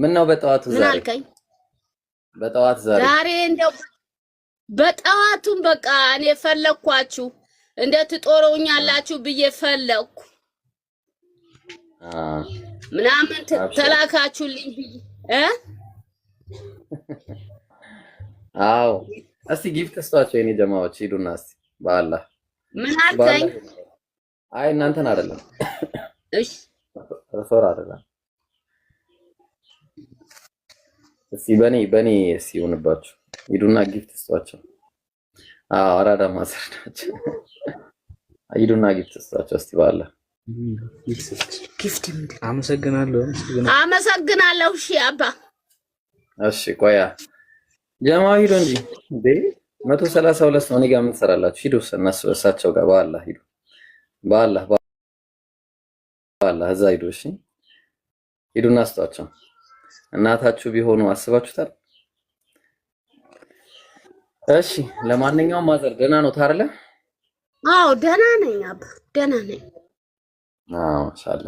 ምን ነው በጠዋቱ ዛሬ በጠዋት ዛሬ ዛሬ እንደው በጠዋቱም በቃ እኔ ፈለግኳችሁ እንደ ትጦረውኛላችሁ ብዬ ፈለግኩ ምናምን ተላካችሁልኝ እ አዎ እስቲ ጊፍት ስጧቸው የኔ ጀማዎች ሂዱና እስቲ በአላህ ምን አልከኝ? አይ እናንተን አይደለም፣ እሺ ሶር አይደለም እስቲ በኔ በኔ እስቲ ይሁንባችሁ። ሂዱና ጊፍት ስጧቸው። አዎ አራዳ ማዘር ናቸው። ሂዱና ጊፍት ስጧቸው እስቲ ባለ ጊፍት። አመሰግናለሁ አመሰግናለሁ። እሺ አባ እሺ። ቆያ ጀማ ሂዱ እንጂ እንዴ መቶ ሰላሳ ሁለት ነው። እኔ ጋር ምን ትሰራላችሁ? ሂዱ እነሱ እሳቸው ጋር በኋላ ሂዱ፣ በኋላ በኋላ እዛ ሂዱ። እሺ ሂዱና ስጧቸው። እናታችሁ ቢሆኑ አስባችሁታል? እሺ ለማንኛውም ማዘር ደህና ነው ታርለ? አዎ ደህና ነኝ፣ አብ ደህና ነኝ። አዎ ማሻአላ።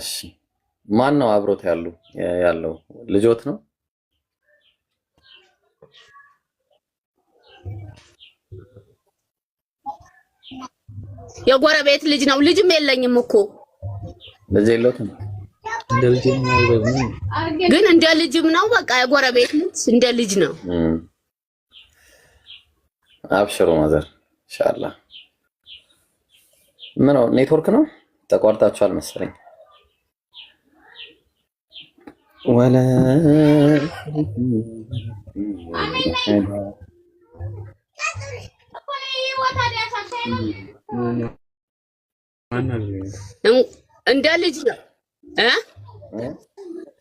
እሺ ማን ነው አብሮት ያሉ ያለው ልጆት ነው? የጎረቤት ልጅ ነው። ልጅም የለኝም እኮ ልጅ የለትም ግን እንደ ልጅም ነው። በቃ የጎረቤት እንደ ልጅ ነው። ማዘር ኢንሻአላ። ምን ነው ኔትወርክ ነው ተቋርጣችኋል መሰለኝ። ወላ እንደ ልጅ ነው።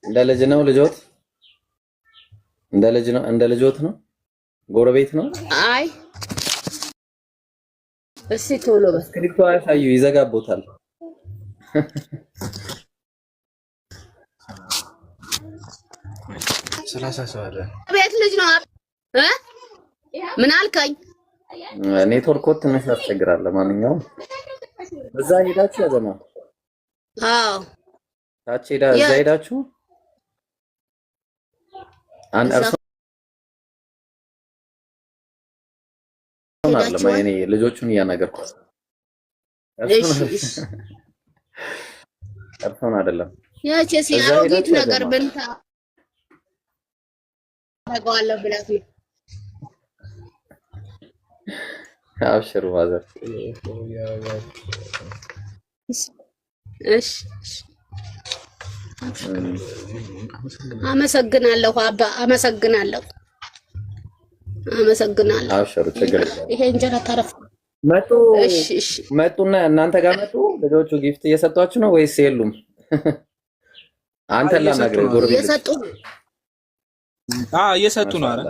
እንደ ልጅ ነው ልጆት እንደ ልጅ ነው እንደ ልጆት ነው ጎረቤት ነው። አይ እስቲ ቶሎ በስክሪፕቶ አያሳዩ ይዘጋቦታል። ሰላሳ ሰው አለ ቤት ልጅ ነው እ ምን አልከኝ? ኔትወርክ ትንሽ ያስቸግራል። ለማንኛውም እዛ ሄዳችሁ ያዘማ አዎ ታች ሄዳ እዛ ሄዳችሁ አንድ እርሶ ለማኔ ልጆቹን እያናገርኩት እርሶን አይደለም። ያቺ ሲ አሮጊት ነገር ብልታ ታጓለ ብላት ነው። አብሽሩ ማዘር እሺ አመሰግናለሁ አባ፣ አመሰግናለሁ፣ አመሰግናለሁ። አብሽሩ፣ ችግር የለም። ይሄ እንጀራ ታረፈ። መጡ መጡና እናንተ ጋር መጡ። ልጆቹ ጊፍት እየሰጧችሁ ነው ወይስ የሉም? አንተ ላናግረው ጎረቤት እየሰጡ አዎ፣ እየሰጡ ነው። አረ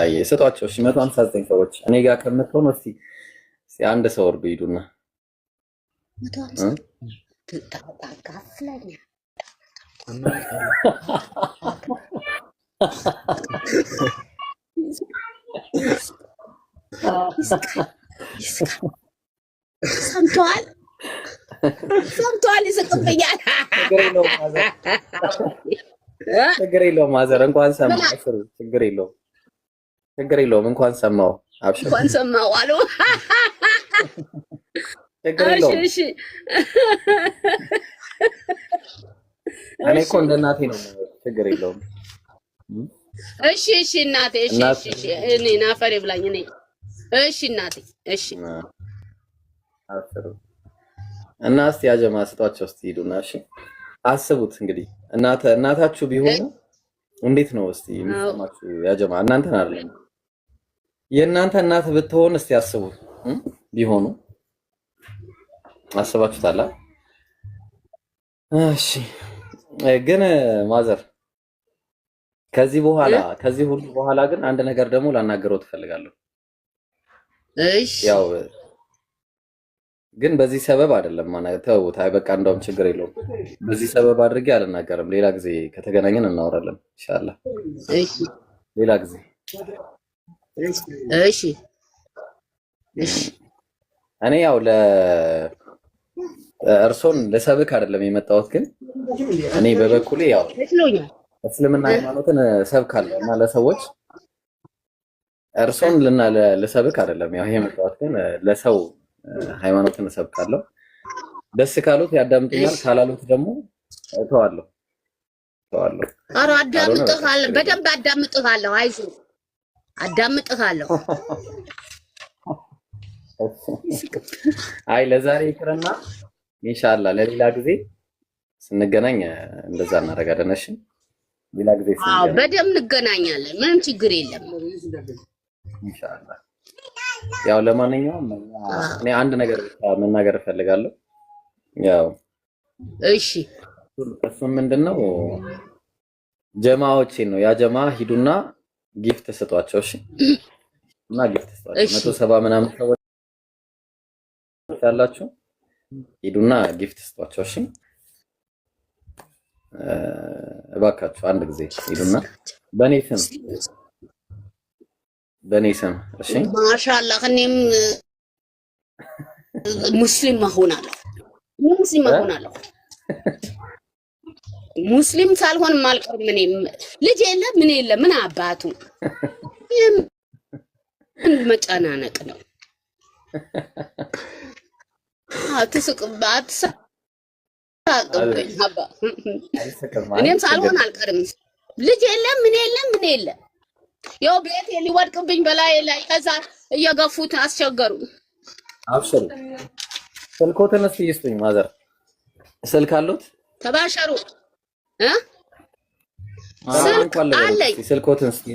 አይ ስጧቸው። እሺ፣ መቶ ሀምሳ ዘጠኝ ሰዎች እኔ ጋር ከምትሆኑ እስኪ አንድ ሰው እርዱ፣ ሂዱና ሰምተዋል ሰምተዋል። ይስቅብኛል። ችግር የለውም ማዘር፣ እንኳን ሰማሁ። ችግር የለውም ችግር የለውም። እንኳን ሰማሁ እንኳን ሰማሁ አሉ እኔ እኮ እንደ እናቴ ነው። ችግር የለውም። እሺ፣ እሺ እናቴ። እሺ፣ እሺ። እኔ ናፈሬ ብላኝ። እኔ እሺ እናቴ። እሺ እና እስቲ ያጀማ ስጧቸው እስቲ ሂዱና፣ እሺ አስቡት እንግዲህ እናተ እናታችሁ ቢሆኑ እንዴት ነው እስቲ የሚሰማችሁ? ያጀማ እናንተን አይደለም የእናንተ እናት ብትሆን እስቲ አስቡት ቢሆኑ አስባችሁታል? እሺ ግን ማዘር ከዚህ በኋላ ከዚህ ሁሉ በኋላ ግን አንድ ነገር ደግሞ ላናገረው ትፈልጋለሁ። እሺ ያው ግን በዚህ ሰበብ አይደለም ማለት ተው፣ ታይ በቃ እንደውም ችግር የለውም። በዚህ ሰበብ አድርጌ አልናገርም። ሌላ ጊዜ ከተገናኘን እናወራለን ኢንሻአላህ። እሺ ሌላ ጊዜ እሺ እሺ እኔ ያው ለ እርሶን ለሰብክ አይደለም የመጣሁት፣ ግን እኔ በበኩሌ ያው እስልምና ሃይማኖትን እሰብካለሁ እና ለሰዎች እርሶን ልና ለሰብክ አይደለም ያው ይሄ የመጣሁት፣ ግን ለሰው ሃይማኖትን እሰብካለሁ። ደስ ካሉት ያዳምጡኛል፣ ካላሉት ደግሞ እተዋለሁ እተዋለሁ። ኧረ አዳምጥሃለሁ፣ በደንብ አዳምጥሃለሁ። አይዞህ፣ አዳምጥሃለሁ። አይ ለዛሬ ይቅርና ኢንሻላ ለሌላ ጊዜ ስንገናኝ እንደዛ እናደርጋለን። እሺ፣ ሌላ ጊዜ በደምብ እንገናኛለን። ምንም ችግር የለም። ኢንሻላ ያው ለማንኛውም እኔ አንድ ነገር መናገር እፈልጋለሁ። ያው እሺ፣ እሱም ምንድን ነው ጀማዎቼን ነው ያ ጀማ ሂዱና ጊፍት ስጧቸው። እሺ፣ እና ጊፍት ስጧቸው መቶ ሰባ ምናምን ሰዎች ያላችሁ ሂዱና ጊፍት ስጧቸው። እሺ እባካችሁ አንድ ጊዜ ሂዱና በእኔ ስም በእኔ ስም እሺ። ማሻአላህ እኔም ሙስሊም መሆን አለሁ። ሙስሊም መሆን አለሁ። ሙስሊም ሳልሆን ማልቀር ምን ልጅ የለ ምን የለ ምን አባቱ መጨናነቅ ነው። እኔም ሳልሆን አልቀርም። ልጅ የለም ምን የለም ምን የለም። ያው ቤት ሊወድቅብኝ በላይ ላይ ከዛ እየገፉት አስቸገሩ። አብሽሩ፣ ስልኮትን እስኪ ይስጡኝ። ማዘር ስልክ አሉት? ተባሸሩ ስልክ አለኝ። ስልኮትን እስኪ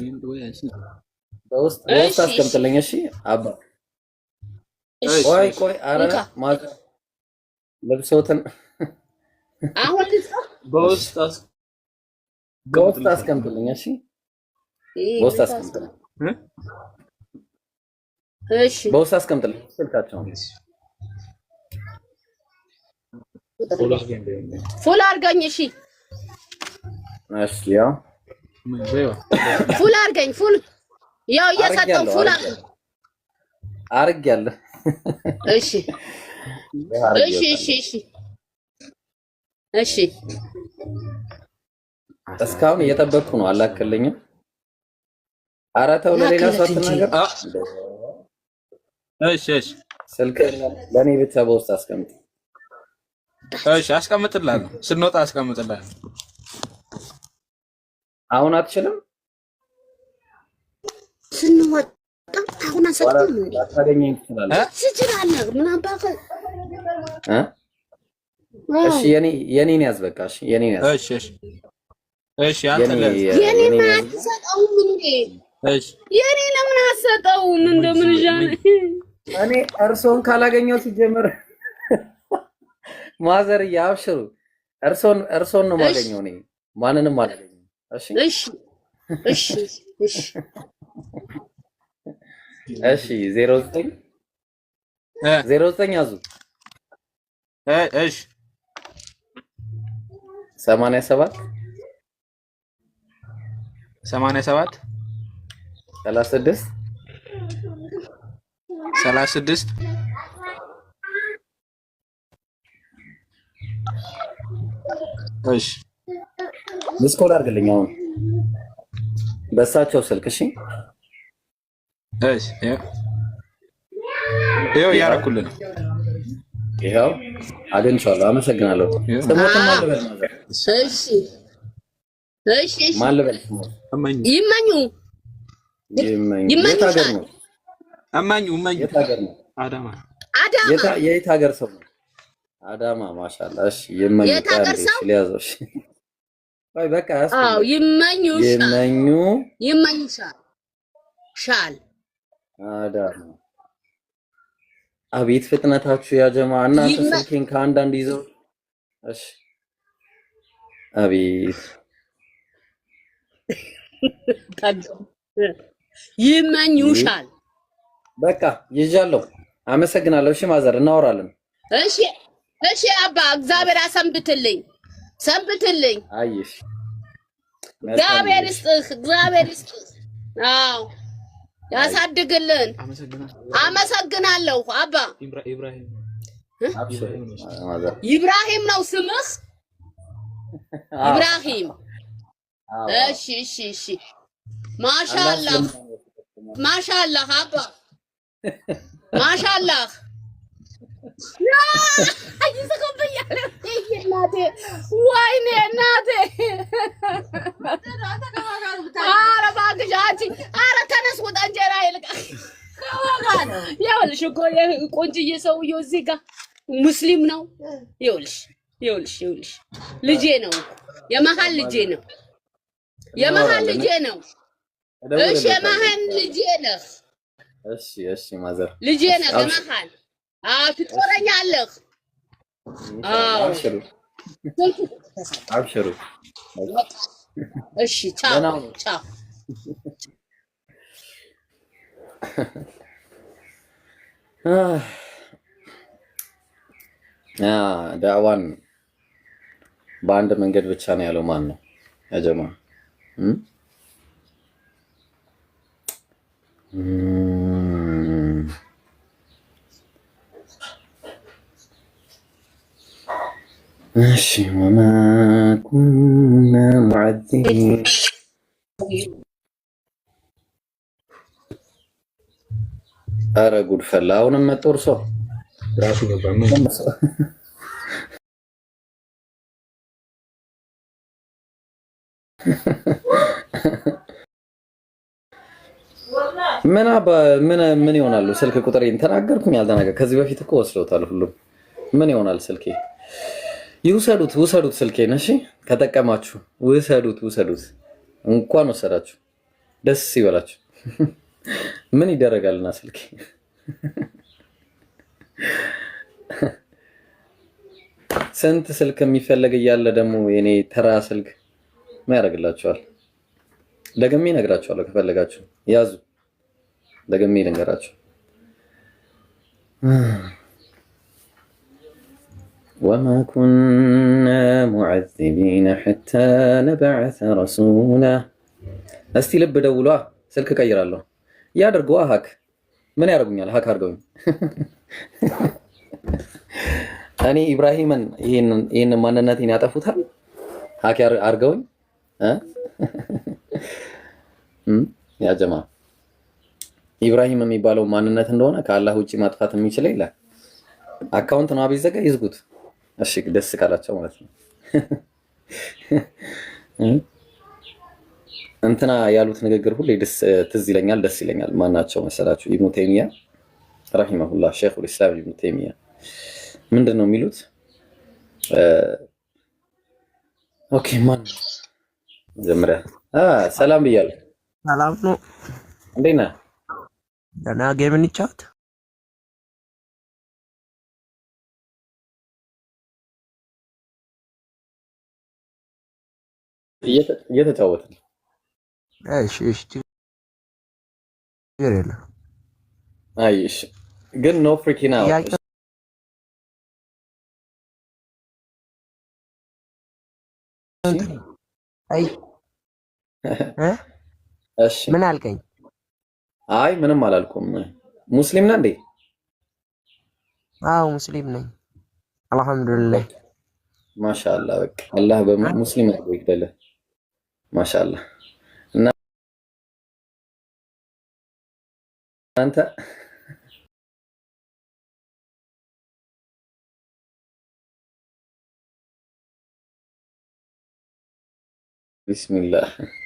በውስጥ አስቀምጥልኝ። እሺ አባ ቆይ ቆይ፣ አረ ማለት ልብሶትን አሁን በውስጥ አስቀምጥልኝ። እሺ፣ በውስጥ አስቀምጥልኝ። እሺ፣ በውስጥ አስቀምጥልኝ ስልካቸውን ፉል አድርገኝ። እሺ፣ እሺ፣ ያው ፉል አድርገኝ። ፉል ያው እየሰጠው ፉል እሺ እሺ እሺ እሺ እሺ እስካሁን እየጠበቅኩ ነው። አላከለኝም። ኧረ ተው ለሌላ ሰው አትናገር። እሺ እሺ ስልክህን ለኔ ብቻ በውስጥ አስቀምጥ። እሺ አስቀምጥላለሁ፣ ስንወጣ አስቀምጥላለሁ። አሁን አትችልም ስንወጣ አሁን እሺ ያዝ፣ በቃ የኔ ለምን አትሰጠውም? እንደምን እኔ እርሶን ካላገኘው ሲጀምር ማዘርዬ አብሽሩ፣ እርሶን እርሶን ነው የማገኘው እኔ ማንንም አላገኘው። እሺ እሺ እሺ እሺ እሺ፣ ዜሮ ዘጠኝ ዜሮ ዘጠኝ ያዙ። እሺ፣ ሰማንያ ሰባት ሰማንያ ሰባት ሰላሳ ስድስት ሰላሳ ስድስት እሺ፣ ምስኮል አድርግልኝ አሁን በእሳቸው ስልክ እሺ ይኸው እያደረኩልህ ይኸው አግኝቼዋለሁ። አመሰግናለሁ። ስሞትም አልበል ማን ልበል? ይመኙ የት የት ሀገር ሰው ነው? አዳማ። ማሻላህ። እሺ፣ ይመኙ ሊያዘው ይመኙ ይመኙ ሻል አቤት ፍጥነታችሁ ያ ያጀማ እናንተ ስልኬን ከአንዳንድ ይዘው እሺ። አቤት ይመኙሻል። በቃ ይዣለሁ። አመሰግናለሁ። እሺ ማዘር እናወራለን። እሺ እሺ አባ እግዚአብሔር አሰንብትልኝ፣ ሰንብትልኝ። አይሽ እግዚአብሔር ይስጥህ፣ እግዚአብሔር ይስጥህ። አዎ ያሳድግልን። አመሰግናለሁ አባ ኢብራሂም ነው ስምህ? ኢብራሂም። እሺ እሺ እሺ። ማሻአላህ ማሻአላህ አባ ማሻአላህ ወይኔ እናቴ! ኧረ እባክሽ አንቺ፣ ኧረ ተነስ ውጣ፣ እንጀራ ይልቃል። ይኸውልሽ እኮ ቆንጅዬ ሰውዬው እዚህ ጋር ሙስሊም ነው። ይኸውልሽ ይኸውልሽ ይኸውልሽ ልጄ ነው፣ የመሀል ልጄ ነው፣ የመሀል ልጄ ነው። እሺ የመሀል ልጄ ነህ፣ ልጄ ነህ የመሀል ትጦረኛለህ። አብሽሩ። እሺ ቻው ቻው። ዳዕዋን በአንድ መንገድ ብቻ ነው ያለው። ማን ነው ያጀማ? እሺ ወማ ኩና አረ ጉድ ፈላ። አሁንም መጥቶ እርሶ ራሱ ገባ። ምን ምን ይሆናሉ? ስልክ ቁጥሬን ተናገርኩኝ አልተናገር ከዚህ በፊት እኮ ወስደውታል ሁሉም። ምን ይሆናል ስልኬ ይውሰዱት ውሰዱት፣ ስልኬን እሺ። ከጠቀማችሁ ውሰዱት ውሰዱት። እንኳን ወሰዳችሁ ደስ ይበላችሁ። ምን ይደረጋልና ስልኬ ስንት ስልክ የሚፈለግ እያለ ደግሞ የኔ ተራ ስልክ ምን ያደርግላችኋል? ደግሜ እነግራችኋለሁ። ከፈለጋችሁ ያዙ። ደግሜ ልንገራችሁ። وما ኩና ሙዓዚቢነ ሓታ ነበዓሰ ረሱላ። እስቲ ልብ ደውሏ። ስልክ እቀይራለሁ። ያደርገዋ ሀክ ምን ያደርጉኛል? ሀክ አድርገውኝ እኔ ኢብራሂምን ይህንን ማንነትን ያጠፉታል። ሀክ አድርገውኝ ያ ኢብራሂም የሚባለው ማንነት እንደሆነ ከአላህ ውጭ ማጥፋት የሚችል ይላል። አካውንት ነው ቢዘጋ ይዝጉት። እሺ ደስ ካላቸው ማለት ነው። እንትና ያሉት ንግግር ሁሌ ደስ ትዝ ይለኛል፣ ደስ ይለኛል። ማናቸው መሰላችሁ? ኢብኑ ተይሚያ ረሂመሁላህ ሼኹል ኢስላም ኢብኑ ተይሚያ ምንድን ነው የሚሉት? ኦኬ ማን ጀምሪያ ሰላም ብያለሁ። ሰላም ነው። እንዴት ነህ? ደህና ጌምን ይጫወት እየተጫወት እሺ፣ እሺ፣ ግን ኖ ፍሪኪን አውት ምን አልከኝ? አይ ምንም አላልኩም። ሙስሊም ነህ እንዴ? አዎ ሙስሊም ነኝ። አልሐምዱሊላህ ማሻአላህ። በቃ አላህ በሙስሊም ነው ይግደለ ما شاء الله انت بسم الله